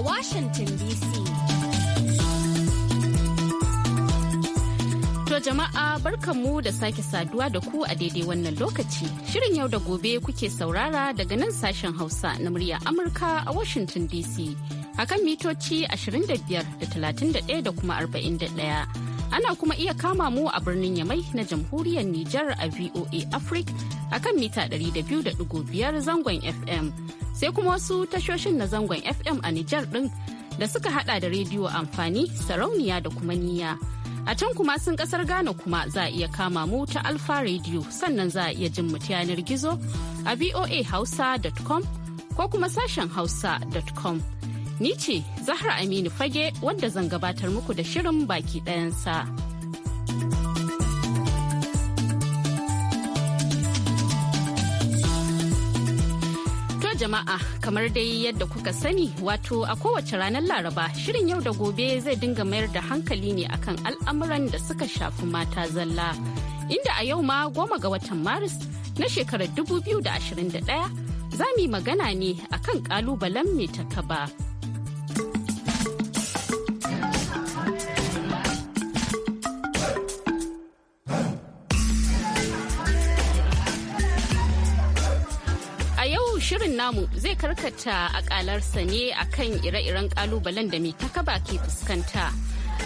Washington DC. To jama'a barkanmu da sake saduwa da ku a daidai wannan lokaci. Shirin yau da gobe kuke saurara daga nan sashen Hausa na murya Amurka a Washington DC. Akan mitoci 25 da 31 da kuma 41. Ana kuma iya kama mu a birnin Yamai na jamhuriyar Nijar a VOA Africa akan mita 200.5 zangon FM sai kuma wasu tashoshin na zangon FM a Nijar ɗin da suka hada da rediyo amfani sarauniya da kuma niya A can kuma sun kasar Ghana kuma za a iya kama mu ta Alfa Radio sannan za a iya jin mu yanar gizo a voahausa.com ko kuma sashen hausa.com. Ni ce Zahra Aminu Fage wanda zan gabatar muku da shirin baki ɗayansa. sa. jama'a kamar dai yadda kuka sani wato a kowace ranar laraba shirin yau da gobe zai dinga mayar da hankali ne akan al'amuran da suka shafi mata zalla inda a yau ma goma ga watan maris na shekarar 2021 za mu yi magana ne akan kalubalen mai takaba. namu zai karkata akalarsa ne akan ire-iren kalubalen da mai takaba ke fuskanta.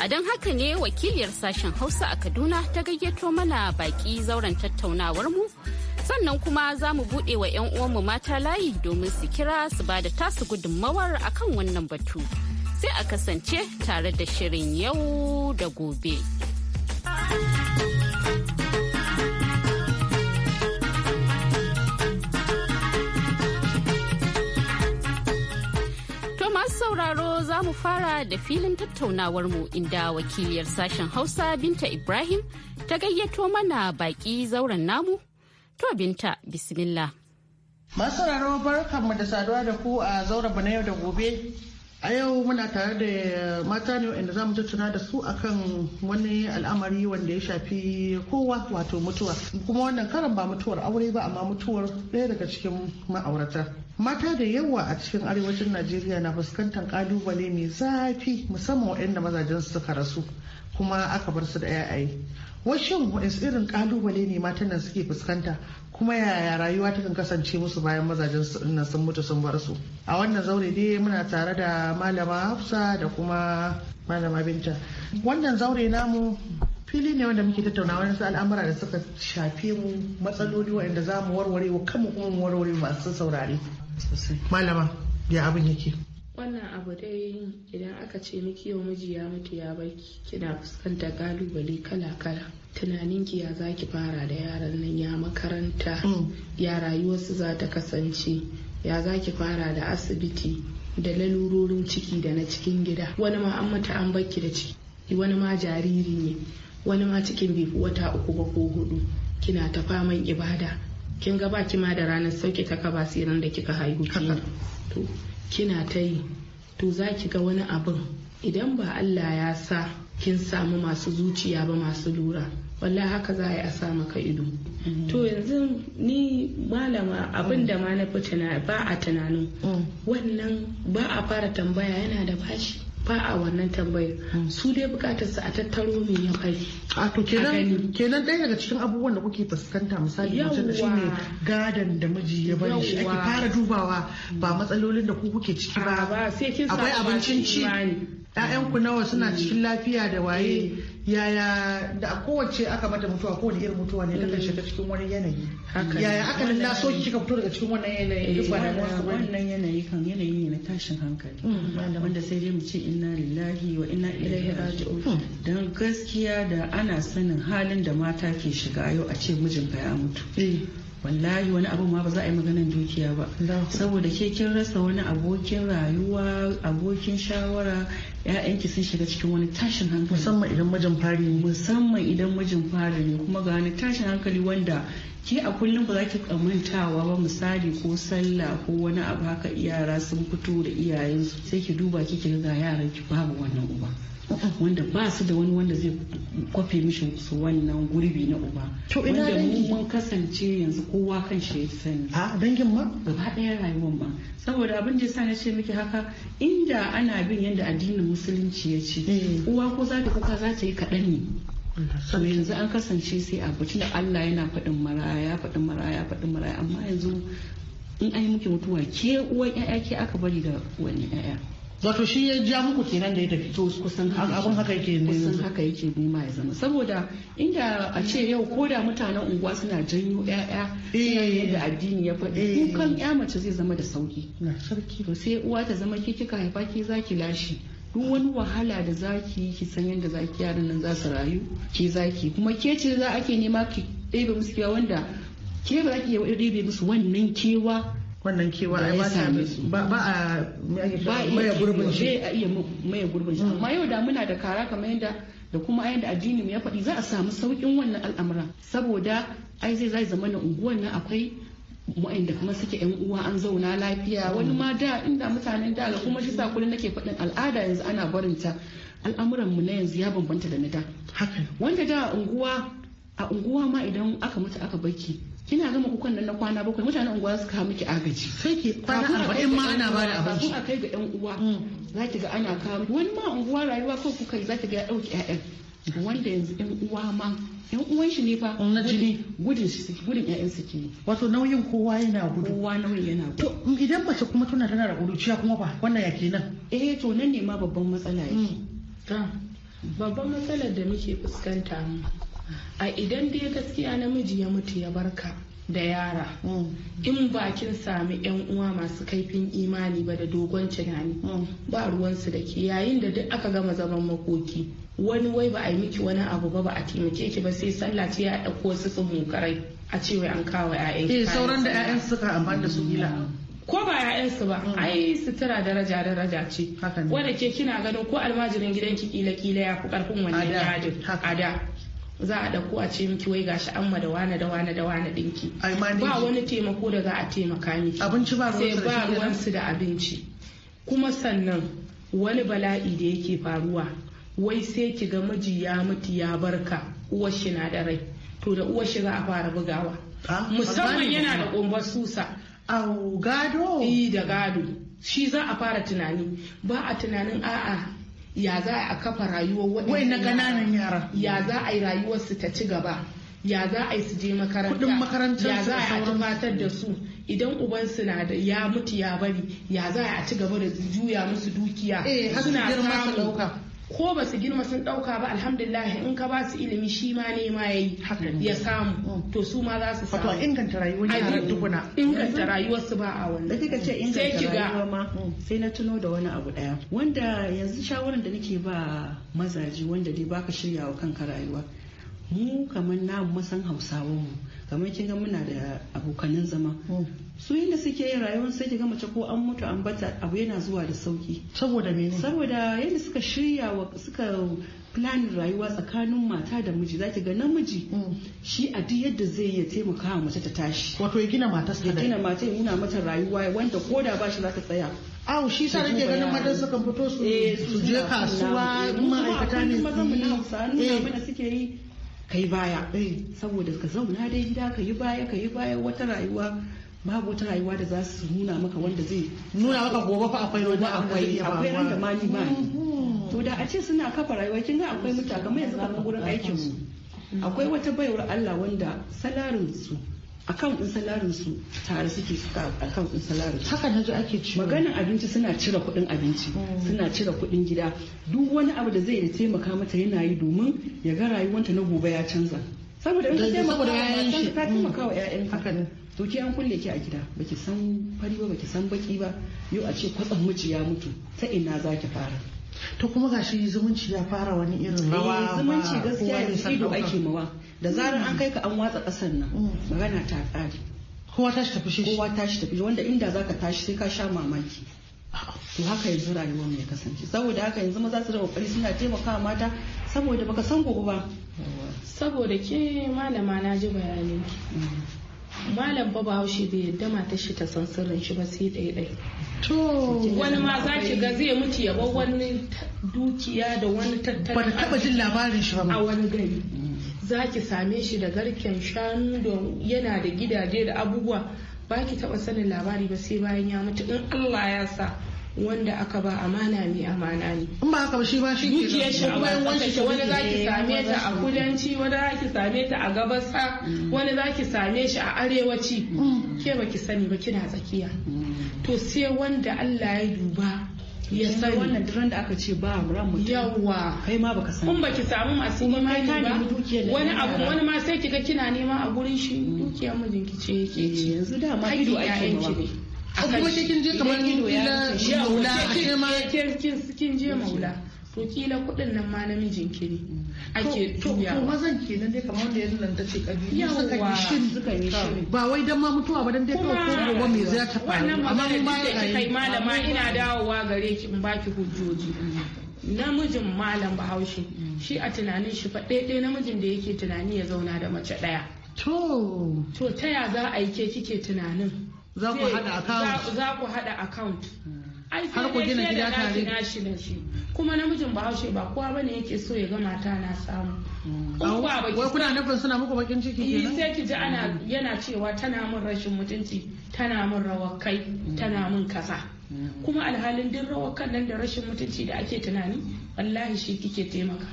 A don haka ne wakiliyar sashen Hausa a Kaduna ta gayyato mana baki zauren tattaunawar mu. Sannan kuma za mu buɗe wa 'yan uwanmu mata layi domin su kira su ba da tasu gudunmawar akan wannan batu. Sai a kasance tare da shirin yau da gobe. mu fara da filin tattaunawar mu inda wakiliyar sashen Hausa Binta Ibrahim ta gayyato mana baki zauren namu. To Binta, bismillah. Masu barkanmu da saduwa da ku a zauren na yau da gobe. a yau muna tare da mata ne wanda zamu tattauna da su akan wani al'amari wanda ya shafi kowa wato mutuwa kuma wannan karan ba mutuwar aure ba amma mutuwar ɗaya daga cikin ma'aurata mata da yawa a cikin arewacin najeriya na fuskantar kalubale mai zafi musamman waɗanda mazajen su suka rasu kuma aka bar su da yayaye wasu waɗansu irin kalubale ne matan nan suke fuskanta kuma yaya rayuwa takan kasance musu bayan mazajen na sun mutu sun bar su a wannan zaure dai muna tare da malama hafsa da kuma malama binta wannan zaure namu fili ne wanda muke tattauna wani al'amura da suka shafe mu matsaloli waɗanda za mu warware wa kanmu kuma mu warware masu saurare malama ya abin yake wannan abu dai idan aka ce miki yau miji ya mutu ya baki kina fuskantar kalubale kala-kala tunaninki ya zaki fara da yaran nan ya makaranta mm. ya rayuwarsu za ta kasance ya zaki fara da asibiti da lalurorin ciki da na cikin gida wani ma an mata an bakki da ciki wani ma jariri ne wani ma cikin bai wata uku ba ko hudu kina ta faman ibada kin ga baki ma da ranar sauke ta kaba siran da kika haihu to kina ta yi to za ki ga wani abin idan ba Allah ya sa kin samu masu zuciya ba masu lura wallahi haka za a yi a sa maka ido mm-hmm. to yanzu ni malama abin da ma na ba a tunanin mm. wannan ba a fara tambaya yana da bashi ba a wannan tambayar mm. su dai bukatar su a tattaro mai ya bari a to kenan ɗaya daga cikin abubuwan da kuke fuskanta misali mace da ne gadon da miji ya bari shi ake fara dubawa ba mm. matsalolin da ku kuke ciki ba akwai abincin ci ku nawa suna cikin lafiya da waye eh. yaya da kowace aka mata mutuwa ko da irin mutuwa ne takan shiga mm. cikin wani yanayi yaya aka nan naso ki kika fito daga cikin wannan yanayi eh, wannan yanayi kan yanayi ne na tashin hankali mm, wanda sai dai mu ce inna lillahi wa inna ilaihi raji'un mm. dan gaskiya da ana sanin halin da mata ke shiga yau a ce mijinka ya mutu eh. wallahi wani abu ma ba za a yi maganan dukiya ba saboda ke kin rasa wani abokin rayuwa abokin shawara ya'yanki sun shiga cikin wani tashin hankali musamman idan mijin fari ne musamman idan mijin fari ne kuma ga wani tashin hankali wanda ke a kullum ba za ki kamantawa ba misali ko sallah ko wani abu haka yara sun fito da iyayensu sai ki duba kike ga yaran ki babu wannan uba wanda ba su da wani wanda zai kwafe mishi su wannan gurbi na uba To wanda mu mun kasance yanzu kowa kan shi ya sani a dangin ma gaba daya rayuwar ma saboda abin da yasa na ce miki haka inda ana bin yadda addinin musulunci ya ce eh. uwa ko za ta kuka za ta yi kaɗan ne so yanzu an kasance sai a da Allah yana faɗin maraya faɗin maraya faɗin maraya amma yanzu in an muke mutuwa ke uwan 'ya'ya ke aka bari da wani 'ya'ya wato shi ya ja muku kenan da ya tafi to kusan abun haka yake ne kusan haka yake nema ya zama saboda inda a ce yau ko da mutanen unguwa suna janyo ƴaƴa eh. da addini ya faɗi eh. kukan ƴa mace zai zama da sauki to sai uwa ta zama ke kika haifa ke zaki lashi duk wani wahala da zaki yi ki san yadda zaki yaran nan za su rayu Ke zaki kuma ke ce za ake nema ki ɗebe musu kewa wanda ke ba za ki ɗebe musu wannan kewa wannan kewa ai ba ba a maye gurbin shi a iya maye gurbin shi amma yau da muna da kara kamar yadda da kuma yadda addini mu ya faɗi za a samu saukin wannan al'amuran saboda ai zai zai zama na unguwan nan akwai wa'anda kuma suke yan uwa an zauna lafiya wani ma da inda mutanen da kuma shi sa kullun nake faɗin al'ada yanzu ana barinta al'amuran mu na yanzu ya bambanta da na da wanda da unguwa a unguwa ma idan aka mutu aka baki kina gama kukan nan na kwana bakwai mutanen unguwa su kawo miki agaji sai ke kwana arba'in ma ana ba da abinci a kai ga yan uwa mm. za ki ga ana kawo wani ma unguwa rayuwa ko kuka za ki ga ya ɗauki 'ya'yan wanda yanzu yan uwa ma yan uwan shi ne fa mm, na jini gudun shi gudun ƴaƴan su ke wato nauyin kowa yana gudu kowa nauyin yana gudu to idan mace kuma tana tana da kuruciya kuma ba wannan ya kenan eh to nan ne ma babban matsala yake mm. babban matsalar da muke fuskanta a idan dai gaskiya namiji ya mutu ya barka da yara mm. in bakin sami yan uwa masu kaifin imani ba da dogon tunani mm. ba ruwansu da ke yayin da duk aka gama zaman makoki wani wai ba a yi miki wani abu ba ba a taimake ki ba sai sallah ce ya ɗauko wasu tsumukarai a ce wai an kawo 'ya'yan eh sauran da 'ya'yan suka amfani da su gila ko ba 'ya'yan su ba mm. ai sutura daraja daraja ce wanda ke kina gano ko almajirin gidan ki kila kila ya fi karfin wannan yadin a da za a ɗauko a ce miki wai gashi an ma da wane da wane da wane dinki ba wani taimako da za a taimaka miki abinci ba sai ba ruwansu da abinci kuma sannan wani bala'i da yake faruwa wai sai ki ga miji ya mutu ya barka uwar shi na da rai to da uwar shi za a fara bugawa musamman yana da kumbar susa gado eh, da gado shi za a fara tunani ba a tunanin a'a ya za a kafa rayuwar waɗannan ƙananan yara ya za a yi rayuwar su ta ci gaba ya za a yi su je makaranta ya za a tumatar da su idan uban na da ya mutu ya bari ya za a ci gaba da juya musu dukiya eh, suna samun ko ba su girma sun dauka ba alhamdulillah in ka ba su ilimi shi ma ne ma yayi ya samu to su ma za su samu inganta rayuwar yaran dukuna inganta rayuwar su ba a wannan da kika ce inganta rayuwar ma sai na tuno da wani abu daya wanda yanzu shawaran da nake ba mazaji wanda dai baka shirya wa kanka rayuwa mu kamar na masan hausawa mu kamar kin ga muna da abokanin zama mm. su yadda suke yin rayuwar sai ki ga mace ko an mutu an bata abu yana zuwa da sauki saboda me saboda yadda suka shirya wa suka planin rayuwa tsakanin mata da miji zaki ga namiji mm. shi a duk yadda zai ya taimaka wa mace ta tashi wato ya gina matarsa da gina mata ya nuna mata rayuwa wanda ko da ba shi za ta tsaya awo shi sa nake ganin madan sukan fito su eh, je kasuwa ma'aikata ne su yi eh. mana suke yi kai baya eh, saboda ka zauna dai gida ka yi baya ka yi baya wata rayuwa babu wata rayuwa da za su nuna maka wanda zai nuna maka gobe fa akwai wani akwai akwai ran da mani ba mm-hmm. to da a ce suna kafa rayuwa kin ga akwai mutaka kamar yanzu ka gurin aikin mu mm-hmm. akwai wata baiwar Allah wanda salarin su akan din salarin su tare suke suka akan din salarin haka nazo ake ciwo maganin abinci suna cire kuɗin abinci hmm. suna cire kuɗin gida duk wani abu da zai taimaka mata yana yi domin ya ga rayuwanta na gobe ya canza saboda in ka taimaka ka taimaka wa hmm. ne to ki an kulle ki a gida baki san fari ba baki san baki ba yau a ce kwatsam miji ya mutu ta ina zaki fara to kuma shi zumunci ya fara wani irin rawa eh, zumunci gaskiya yanzu da ake mawa da zarar an mm. kai ka an watsa kasar nan mm. magana ta tsari kowa tashi tafi shi kowa tashi tafi wanda inda zaka tashi sai ka sha mamaki to haka yanzu rayuwar mu ya kasance saboda haka yanzu maza su da kokari suna taimakawa mata saboda baka san gobe ba saboda ke malama na ji bayanin mm. malam babu haushi bai yadda mata shi ta san sirrin shi ba sai dai dai. to wani ma za ki ga zai mutu ya bar wani dukiya da wani tattalin ban taba jin labarin shi ba a wani gari za ki same shi da garken shanu da yana da gidaje da abubuwa ba ki taba sanin labari ba sai bayan ya mutu in Allah ya sa wanda aka ba amana ne amana ne in ba haka ba shi ba shi dukiyar shi bayan wanda shi wani za ki same ta a kudanci wani za ki same ta a gabasa mm. wani za ki same shi a arewaci mm. ke baki sani ba kina tsakiya to sai wanda Allah ya duba ya sani wannan duran da aka ce ba ran mutum yawa kai ma baka sani kun baki samu masu imani dukiyar wani abu wani ma sai kiga kina nema a gurin shi dukiyar mijinki ce yake ce yanzu da ma ido ake ne a kuma kin je kamar ido ya ce maula kin je maula to kila kuɗin nan ma namijin ne. ake tuya to mazan kenan dai kamar wanda yanzu nan ta ce kabilu suka yi shiri suka yi shiri ba wai dan ma mutuwa ba dan dai kawai ko gobe me zai ta faru amma mun ba ya kai malama ina dawowa gare ki in baki hujjoji namijin malam bahaushe shi a tunanin shi fa ɗaya namijin da yake tunani ya zauna da mace ɗaya to to ta ya za a yi ke kike tunanin za ku haɗa account za ku haɗa account har ku gina gida tare kuma namijin bahaushe ba kowa bane yake so ya ga mata na samu mm. kuna nufin bakin ciki eh, kenan ana mm. yana cewa tana mun rashin mutunci tana mun rawar mm. kuma alhalin din rawar kan nan da rashin mutunci da ake tunani wallahi shi kike taimaka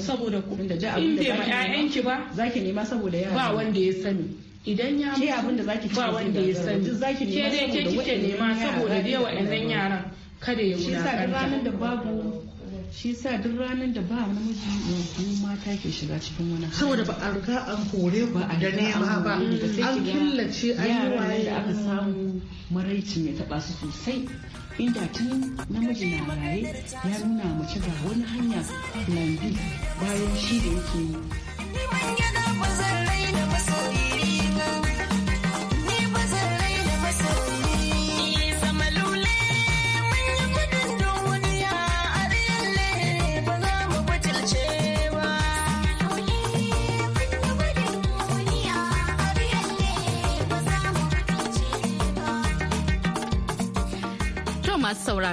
saboda kuɗin da da abin da ba ki ba zaki nema saboda yara ba wanda ya sani idan ya mutu ba wanda ya sani ke dai ke kike nema saboda dai wa'annan yaran kada ya shi sa duk ranar da ba namiji mu mata ke shiga cikin wani saboda ba a riga an kore ba a da nema ba an killace an yi waye da aka samu maraicin ya taba su sosai inda tun namiji na raye ya nuna mace ga wani hanya lambi bayan shi da yake yi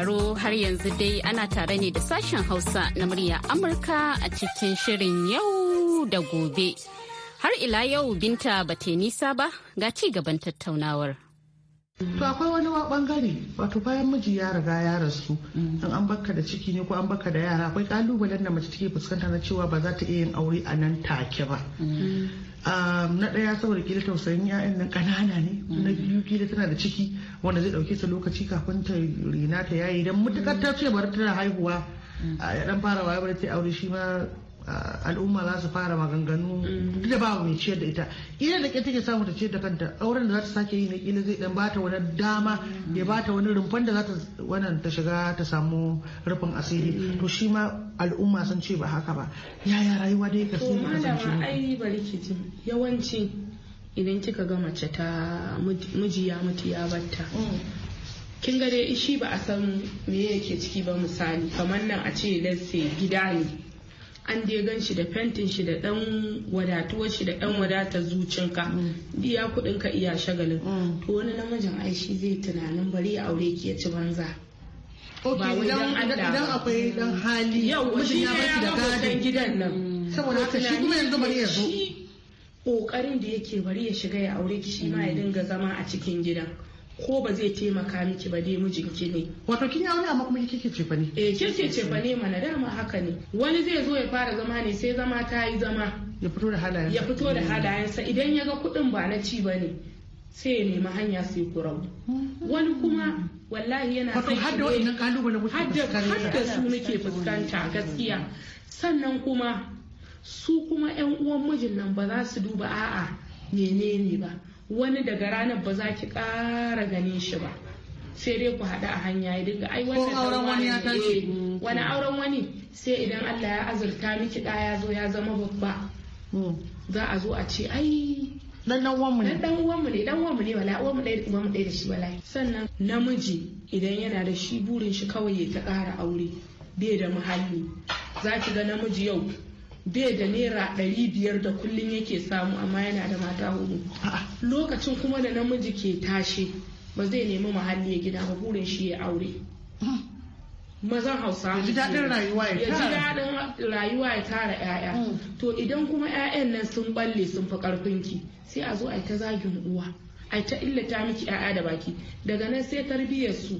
sauraro har yanzu dai ana tare ne da sashen Hausa na murya Amurka a cikin shirin yau da gobe. Har ila yau binta ba ta nisa ba ga ci gaban tattaunawar. To akwai wani bangare wato bayan miji ya riga ya rasu mm. in an baka da ciki ne ko an baka da yara akwai kalubalen da mace take fuskanta na cewa ba za ta iya yin aure a nan take ba. Mm. na ɗaya saboda kila tausayin ya'yan nan ƙanana ne na mm. biyu kila tana da ciki wanda zai ɗauke su lokaci kafin ta rina ta yayi idan mutukar ta ce bari tana haihuwa mm. a dan fara waye bari ta aure shi ma al'umma za su fara maganganu mm. da ba mai ciyar da ita ina da ke take samu ta ciyar da kanta auren da za ta sake yi na kila zai dan bata wani dama mm. ya bata wani rumfan da za ta wannan ta shiga ta samu rufin asiri mm. to shi ma al'umma sun ce ba haka ba yaya rayuwa dai ka ai bari yawanci idan kika ga mace ta miji ya mutu ya batta kin ga dai shi ba a san me yake ciki ba misali kamar nan a ce lasse gida ne an dai gan shi da fentin shi da dan wadatuwar shi da dan wadatar zucinka mm. iya kudin ka iya shagalin mm. to wani namijin ai shi zai tunanin bari ya aure ki ya ci banza ba idan akwai dan hali yau shi ya da gadon gidan nan mm. saboda haka shi kuma yanzu bari ya zo kokarin da yake bari ya shiga ya aure ki shi ma ya dinga zama a cikin gidan ko ba zai taimaka miki ba dai mijinki ne wato kin ya wani amma kuma kike ce fa ne eh kike ce fa ne mana dama haka ne wani zai zo ya fara zama ne sai zama ta yi zama ya fito da halayensa ya fito da halayensa idan ya ga kuɗin ba na ci ba ne sai ya nemi hanya sai kurau wani kuma wallahi yana wato har da wa'annan kalubale muke fuskanta har da su muke fuskanta gaskiya sannan kuma su kuma yan uwan mijin nan ba za su duba a'a menene ba wani daga ranar ba za ki ƙara ganin shi ba sai dai ku haɗu a hanya ya dinga ai wani auren wani ya tashi eh, wani auren wani sai idan Allah ya azurta miki ɗa ya zo ya zama babba hmm. za a zo a ce ai dan dan uwanmu ne dan uwanmu ne dan uwanmu ne wala uwanmu ɗaya mu dai da shi wala sannan namiji idan yana da shi burin shi kawai ya ta ƙara aure bai da muhalli za ki ga namiji yau bai da naira ɗari biyar da kullum yake samu amma yana da mata hudu lokacin kuma da namiji ke tashi ba zai nemi muhalli ya gida ba burin shi ya aure mazan hausa ya ji daɗin rayuwa ya tara 'ya'ya mm. to idan kuma 'ya'yan nan sun balle sun fi ki sai a zo a ta zagin uwa a ta illata miki 'ya'ya da baki daga nan sai tarbiyyar su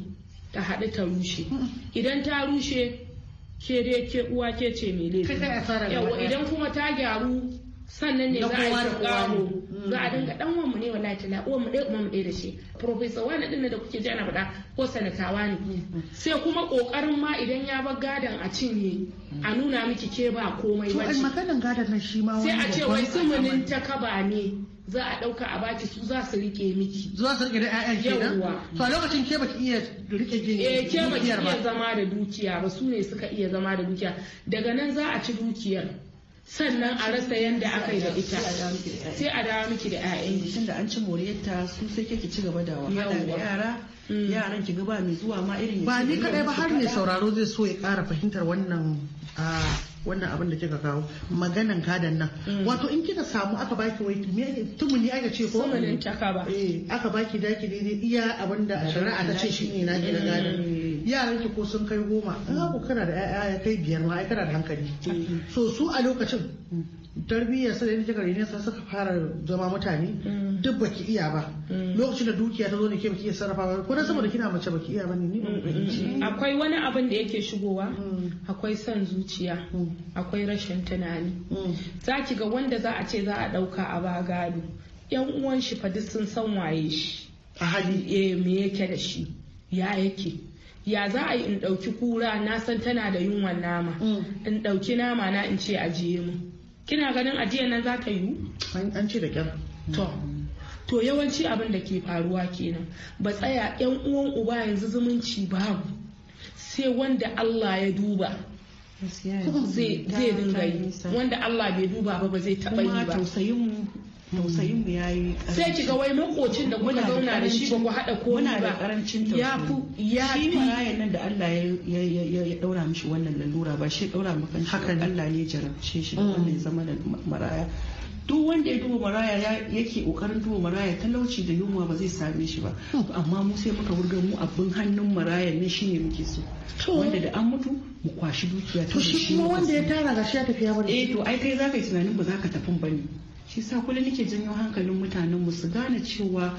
ta haɗu ta rushe mm. idan ta rushe ke dai ke uwa ke ce mai laifi idan kuma ta gyaru sannan ne za a yi kawo mm. za a dinga dan wanmu ne wallahi ta uwan mu dai uwan mu dai da shi professor wani din da kuke ji ana faɗa ko sanatawa ne mm. sai kuma kokarin ma idan ya bar gadon a cinye a nuna miki ke ba komai ba to gadon wani sai a ce wai sumunin ta kaba ne za a ɗauka a baki su za su rike miki za su rike da ƴaƴan kenan to a lokacin ke baki iya rike gini eh ke baki iya zama da dukiya ba su ne suka iya zama da dukiya daga nan za a ci dukiyar sannan a rasa yadda aka yi da ita sai a dawo miki da ƴaƴan tun da an ci moriyarta su sai kake ci gaba da wahala da yara mm. yaran ki gaba mai zuwa ma irin ba ni kadai ba har ne sauraro zai so ya kara fahimtar wannan ah, wannan abin da kika kawo maganan kadan nan mm. wato in kika samu aka baki wai tumuni aka ce ko eh aka baki daki daidai iya abinda da shari'a ta ce shine na gina mm. gadan yaran ki ko sun kai goma in mm. ku kana da yaya kai biyar ma ai kana da hankali so su a lokacin tarbiyyar sa da yadda kika sai suka fara zama mutane mm. duk baki iya ba mm. lokacin da dukiya ta zo ne ke baki iya sarrafa ba ko dan saboda kina mace baki iya bane ne mm, akwai wani abin da yake shigowa akwai son zuciya akwai rashin tunani za ki ga wanda za a ce za a dauka a ba gado yan uwan shi fa duk sun san waye shi a hali eh me yake da shi ya yake ya za a yi in ɗauki kura na san tana da yunwan nama in ɗauki nama na in ce a ajiye mu kina ganin ajiyar nan za ta yiwu an ce da kyar to yawanci abin da ke faruwa kenan ba tsaya yan uwan uba yanzu zumunci babu sai wanda Allah ya duba zai dinga yi wanda Allah bai duba ba ba zai taɓa yi ba tausayin mu ya yi. sai ki ga wai makocin da kuka zauna da shi ba ku hada ko muna da karancin tausayi ya fi Shi marayan nan da Allah ya ya daura mishi wannan lalura ba shi daura maka Hakan Allah ne jarabce shi mm. wannan zama da maraya duk wanda ya duba maraya yake kokarin duba maraya talauci da yunwa ba zai same shi ba mm. amma mu sai muka wurga mu abin hannun maraya ne shine muke so wanda da an mutu mu kwashi dukiya to shi kuma wanda ya tara shi ya tafi ya bari eh to ai kai zaka yi tunanin ba zaka tafin bane shi sa kullum nake janyo hankalin mutanenmu su gane cewa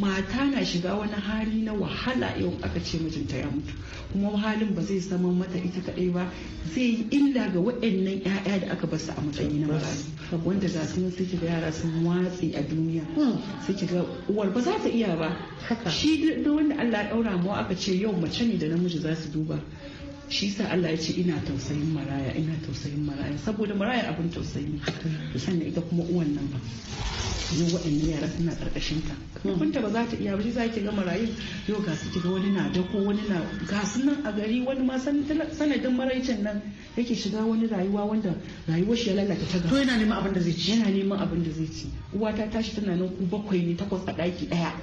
mata na shiga wani hali na wahala yau aka ce mijinta ya mutu kuma halin ba zai zama mata ita kadai ba zai yi illa ga waɗannan 'ya'ya da aka basu a matsayi na marayu wanda za su suke yara sun watsi a duniya suke ga uwar ba za ta iya ba shi da wanda Allah ya daura ma aka ce yau mace ne da namiji za su duba shi sa Allah ya ce ina tausayin maraya ina tausayin maraya saboda maraya abin tausayi to sannan ita kuma uwan nan ba yau waɗannan yara suna ƙarƙashin ta kunta ba za ta iya ba za ki ga marayu yau ga su ki ga wani na dako wani na ga su nan a gari wani ma sanadin maraicin nan yake shiga wani rayuwa wanda rayuwar shi ya lalata ta gaba to yana neman abin da zai ci yana neman abin da zai ci uwata tashi tana nan ku bakwai ne takwas a ɗaki ɗaya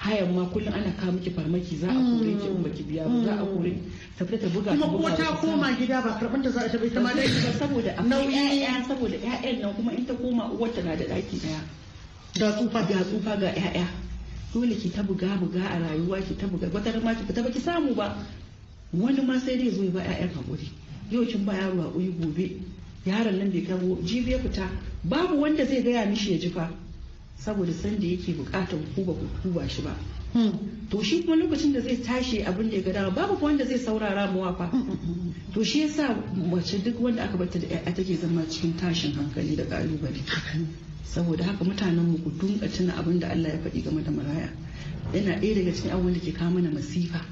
hayan ma kullum ana kawo miki farmaki za a mm. kore ki in baki biya za a mm. kore tafi ta buga kuma ko ta koma gida ba karban ta za a tafi ta ma dai saboda nauyi saboda ƴaƴan nan kuma in ta koma uwar ta na da daki daya da tsufa ga tsufa ga ƴaƴa dole ki ta buga buga a rayuwa ki ta buga wata ma ki fita baki samu ba wani ma sai dai zo ba ƴaƴan hakuri yau kin ba yaro uyi gobe yaron nan bai kawo ya fita babu wanda zai gaya mishi ya ji fa saboda sanda yake bukatar ku ba ku tuba shi ba hmm. to shi kuma lokacin da zai tashi abin da ya ga dama babu wanda zai saurara mu wafa hmm, hmm, to shi yasa mace duk wanda aka bata da ƴaƴa take zama cikin tashin hankali da kalubale saboda haka mutanen mu ku dunka tuna abin da Allah ya faɗi game da maraya yana ɗaya daga cikin abubuwan da ke kawo mana masifa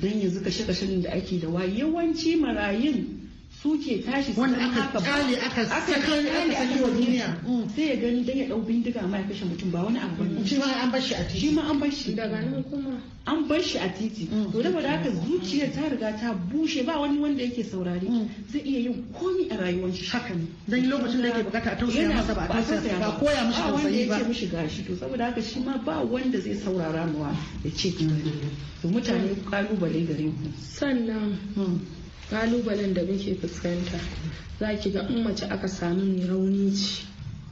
don yanzu kashe-kashen da ake da wa yawanci marayun su ke tashi su wanda aka kale aka sakar aka sake wa duniya mm, sai ya gani dan ya dau bindiga amma ya kashe mutum ba wani abu ba shi ma an bar shi a titi shi ma an bar shi daga nan kuma an bar shi a titi mm, to da wanda aka zuciya ta riga ta bushe ba wani wanda yake saurare mm. zai iya yin komi a rayuwar shi haka ne dan lokacin da yake bukata a tausaya masa ba a tausaya ba koya mishi tausayi ba wanda ya mishi gashi to saboda haka shi ma ba wanda zai saurara mawa ya ce to mutane kalubale gare ku sannan kalubalen da muke fuskanta za ki ga in mace aka sami rauni ce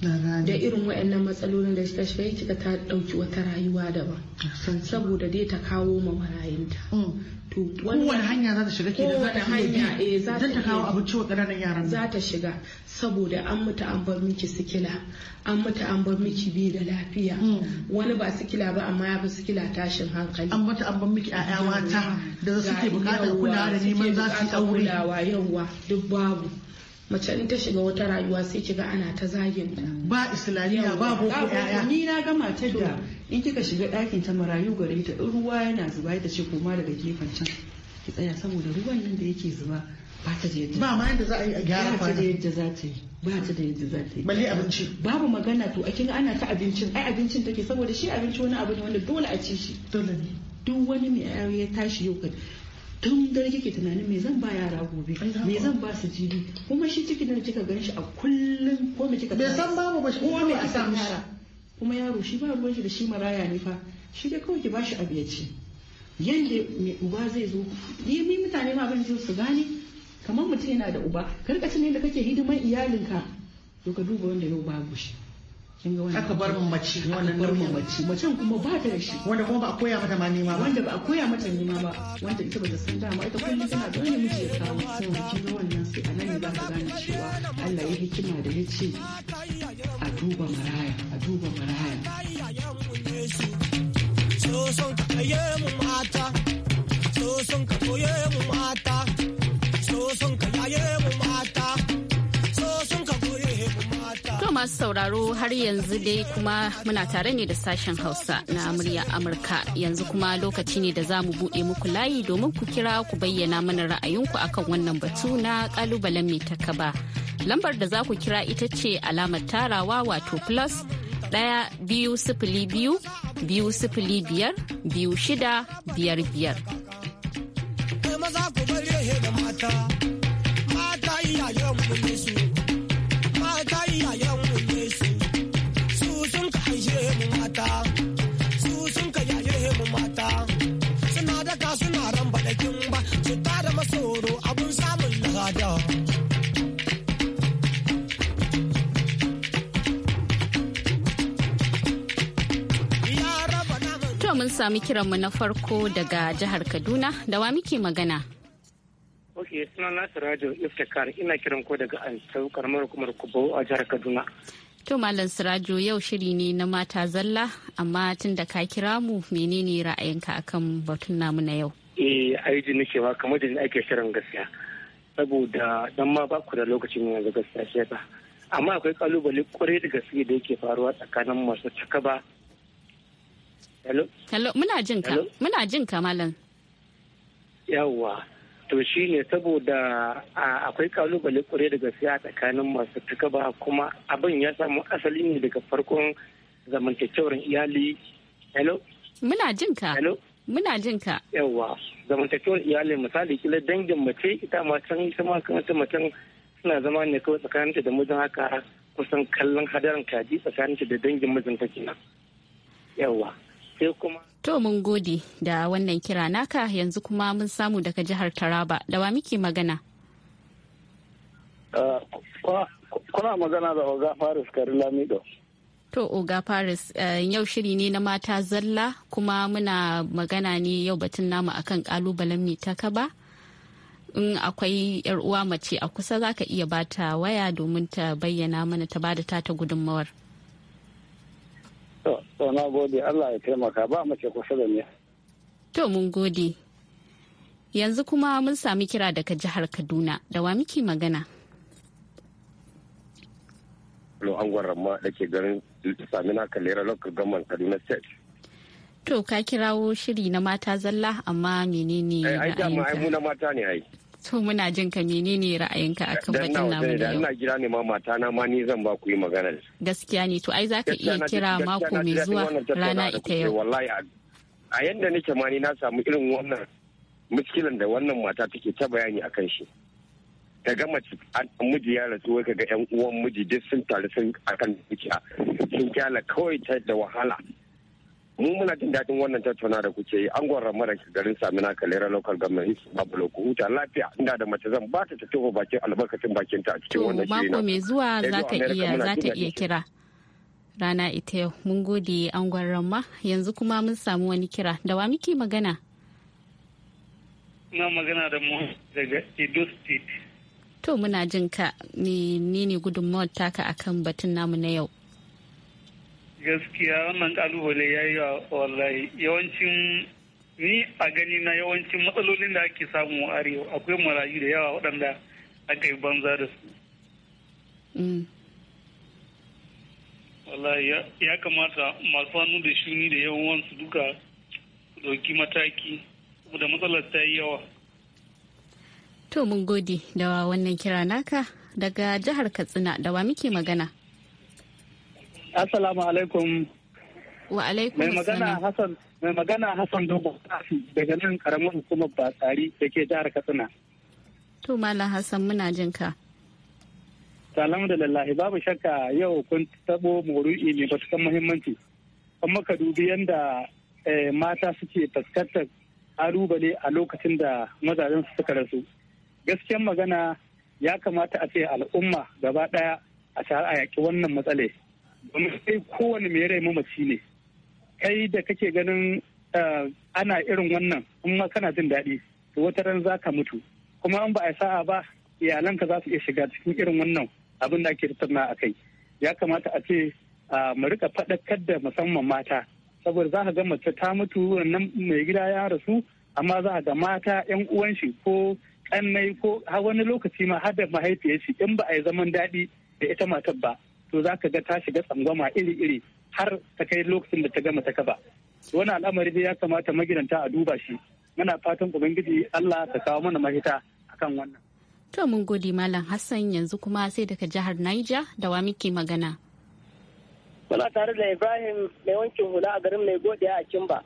da irin waɗannan matsalolin da suka shiga kika ta ɗauki wata rayuwa daban saboda dai ta kawo ma marayinta mm. kowane hanya za ta shiga ke da hanya e za ta eh, kawo abu ciwo ƙananan yaran za ta shiga saboda an mutu an bar miki sikila an mutu an bar miki bi da lafiya mm. wani ba sikila ba amma ya fi sikila tashin hankali an mutu an bar miki yawa ta da suke bukatar kulawa da neman za su yi aure yawa duk babu mace in ta shiga wata rayuwa sai kiga ana ta zagin ta ba islamiyya ba boko yaya ni na ga mace da in kika shiga ɗakin ta marayu gare ta ruwa yana zuba ita ce koma daga gefen can ki tsaya saboda ruwan nan da yake zuba ba ta da yadda ba ma yadda za a yi a gyara ba ta da yadda za ta yi ba ta da yadda za ta yi balle abinci babu magana to a kin ana ta abincin ai abincin take saboda shi abinci wani abu ne wanda dole a ci shi dole ne duk wani mai ya tashi yau tun dare kike tunanin me zan ba yara gobe me zan ba su jibi kuma shi ciki da kika gan shi a kullum ko me kika bai san babu ba shi ko me kika yara kuma yaro shi ba ruwan shi da shi maraya ne fa shi dai kawai ki ba shi abu yanda me uba zai zo ni mutane ma ban ji su gane kamar mutum yana da uba karkacin ne da kake hidiman iyalinka to ka duba wanda yau babu shi aka bar mace wannan nauyin mace macen kuma ba ta da shi wanda kuma ba a koya mata ma nema ba wanda ba a koya mata nema ba wanda ita ba ta san dama ita kullum tana da wani miji ya kawo sai kin ga wannan sai anan ne za ka gane cewa Allah ya hikima da ya ce a duba maraya a duba maraya so son ka kaye mu mata so son ka koye mu mata so son ka masu sauraro har yanzu dai kuma muna tare ne da sashen Hausa na murya Amurka yanzu kuma lokaci ne da za mu buɗe muku layi domin ku kira ku bayyana mana ra'ayinku akan wannan batu na kalubalen mai takaba. Lambar da za ku kira ita ce alamar tarawa wato plus ɗaya biyu sifili biyu biyu sifili biyar biyu shida biyar biyar. To mun sami mu na farko daga jihar Kaduna da wa muke magana. Ok, suna nasu Sirajo Iftikar ina kiran ko daga Ansau karamar hukumar Kubo a jihar Kaduna. To Malam Sirajo yau shiri ne na mata zalla amma tun da ka kira mu menene ra'ayinka akan batun namu na yau? Eh, aiji nake ba kamar da ake shirin gaskiya. Saboda dan ma ba ku da lokacin yanzu gaskiya shi amma akwai kalubale kwarai da gaske da yake faruwa tsakanin masu cakaba Hello? Hello, muna jin ka, muna jin ka malam. Yawwa, to shi ne saboda akwai kalubale kure daga siya tsakanin masu ba kuma abin ya samu asali ne daga farkon zamantakewar iyali. Hello? Muna jin ka. Hello? Muna jin ka. Yawwa, zamantakewar iyali misali kila dangin mace ita ma ita ma kanta macen suna zama ne kawai tsakaninta da mijin haka kusan kallon hadarin kaji tsakaninta da dangin mijinta kenan. Yawwa. sai To mun gode da wannan kira naka yanzu kuma mun samu daga jihar Taraba da wa muke magana. Uh, kuna magana da Oga Faris Karilamido. To Oga Faris eh, yau shiri ne na mata zalla kuma muna magana ne yau batun namu akan kalubalen mai kaba. in akwai yar uwa mace a kusa za ka iya bata waya domin ta bayyana mana ta bada ta ta gudunmawar. To, ya taimaka ba mace mun gode. Yanzu kuma mun sami kira daga jihar Kaduna, da wa muke magana? Lo gwarar ma da ke garin Kalera Local Government Kaduna State. To, ka kirawo shiri na mata zalla amma menene eh, ra'ayinka? Ai, ai na mata ne ai. so muna jin ka menene ra'ayinka akan batun namu da yau. Ina jira ne ma mata na ma ni zan ba ku yi magana. Gaskiya ne to ai za ka iya kira mako mai zuwa rana ita yau. Wallahi a yanda nake ma ni na samu irin wannan muskilan da wannan mata take ta bayani a kan shi. ka ga miji ya rasu wai ka ga yan uwan miji duk sun taru sun akan dukiya sun kyala kawai ta da wahala mu muna jin daɗin wannan tattauna da kuke yi an gwara mara garin samina kalera local government babu loko huta lafiya ina da mace zan ba ta ta tofa bakin albarkacin bakin ta a cikin wannan to mako mai zuwa za ta iya za ta iya kira rana ita yau mun gode an ma yanzu kuma mun samu wani kira da wa muke magana na magana da mu daga Edo State to muna jin ka menene gudunmawar taka akan batun namu na yau gaskiya wannan kalubale ya yi wallahi yawancin ni a gani na yawancin matsalolin da ake samu a arewa akwai marayu da yawa waɗanda aka yi banza da su mm. wallahi ya kamata masu hannu da shuni da yawan su duka ɗauki mataki da matsalar ta yi yawa to mun gode da wannan kira naka daga jihar katsina da wa muke magana Assalamu alaikum. Wa alaikum Mai magana Hassan mai magana Hassan Dogo daga nan karamar hukumar Batsari da ke jihar Katsina. To Malam Hassan muna jin ka. lallahi babu shakka yau kun tabo maudu'i mai matukan muhimmanci. An maka dubi yadda eh, mata suke fuskantar ƙalubale a lokacin da mazajen su suka rasu. gaskiyar magana ya kamata a ce al'umma gaba ɗaya a shahar a yaƙi wannan matsalar domin sai kowane mai rai mamaci ne kai da kake ganin eh, ana irin wannan kuma kana jin daɗi to wata ran za ka mutu kuma an ba a sa'a ba iyalanka za su iya shiga cikin irin wannan abin da ake tattauna a kai ya kamata a ce ah, mu rika faɗakar da musamman mata saboda za ka ga mace ta mutu wannan mai gida ya rasu amma za ka ga mata yan uwan shi ko kannai ko wani lokaci ma har da mahaifiyar shi in ba a yi zaman daɗi da ita matar ba to za ka ga ta shiga tsangwama iri-iri har ta kai lokacin da ta gama ta kaba wani al'amari dai ya kamata magidanta a duba shi muna fatan ubangiji allah ta kawo mana mahita a kan wannan to mun gode malam hassan yanzu kuma sai daga jihar niger da wa muke magana muna tare da ibrahim mai wankin hula a garin mai godiya a kimba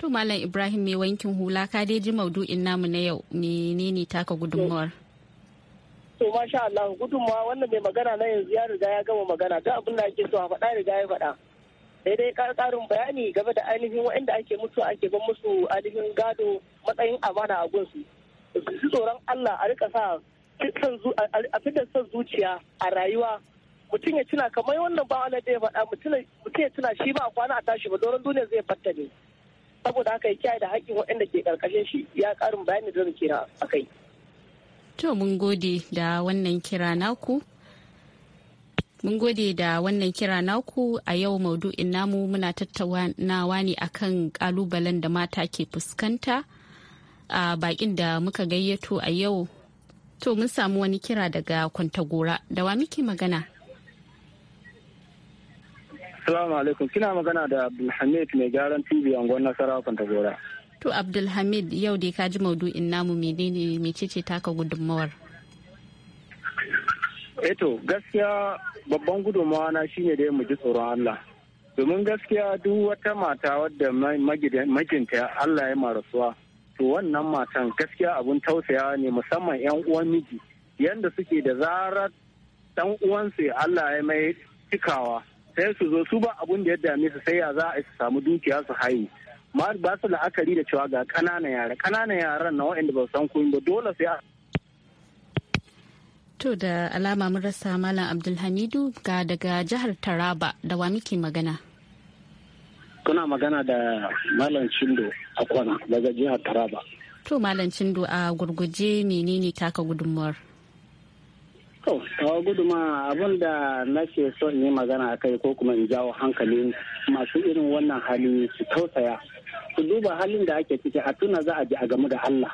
to malam ibrahim mai wankin hula ka dai ji maudu'in namu na yau menene taka gudunmawar to masha Allah gudunmawa wannan mai magana na yanzu ya riga ya gama magana ta abin da ake so a faɗa riga ya faɗa daidai dai bayani game da ainihin waɗanda ake mutu ake ban musu ainihin gado matsayin amana a gunsu su su tsoron Allah a rika sa a fitar son zuciya a rayuwa mutum ya tuna kamar wannan ba wani da ya faɗa mutum ya tuna shi ba a kwana a tashi ba doron duniya zai fatta ne saboda haka ya kiyaye da haƙƙin waɗanda ke ƙarƙashin shi ya karin bayani da zai kira a kai. To mun gode da wannan kira naku. Mun gode da wannan kira naku a yau maudu'in namu muna tattaunawa ne akan kalubalen da mata ke fuskanta a bakin da muka gayyato a yau. To mun samu wani kira daga Kwantagora da wa muke magana? Salamu alaikum kina magana da Abdulhamid mai gyaran TV a sarawa Kwantagora. To Abdulhamid yau dai ka ji maudu'in namu menene mecece taka gudunmawar. Eto eh gaskiya babban gudunmawa na shine dai mu ji tsoron Allah. Domin gaskiya duk wata mata wadda maginta Allah ya marasuwa to wannan matan gaskiya abun tausaya ne musamman 'yan uwan miji Yadda suke da zarar dan uwansu Allah ya mai cikawa sai su zo su ba abun da ya dame su sai ya za a su samu dukiya su haye ba su la'akari da cewa ga ƙananan yara ƙananan yaran na wa'anda ba san koyi ba dole sai a To da alama mun rasa Malam Abdulhamidu ga daga jihar Taraba da wa muke magana. Kuna magana da Malam Cindo a kwana daga jihar Taraba. To Malam Cindo a gurguje menene taka gudunmuwar? To, tawa guduma abin da nake son yi magana a kai ko kuma in jawo hankalin masu irin wannan hali su tausaya ku duba halin da ake ciki a tuna za a ji a gamu da Allah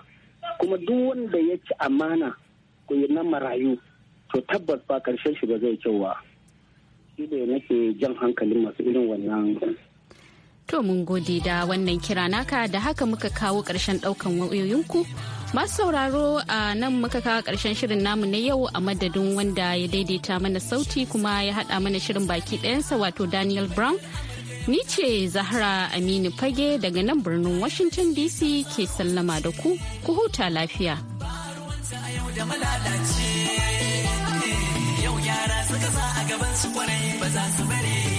kuma duk wanda ya ci amana ku yi nan marayu to tabbas ba karshen shi ba zai kyauwa shi da nake jan hankalin masu irin wannan to mun gode da wannan kira naka da haka muka kawo karshen daukan wayoyinku masu sauraro a nan muka kawo karshen shirin namu na yau a madadin wanda ya daidaita mana sauti kuma ya hada mana shirin baki ɗayansa wato daniel brown Ni ce Zahra Aminu Fage daga nan birnin Washington DC ke sallama da ku, ku huta lafiya. Yau yara suka sa a gaban su kwarai ba za su bare.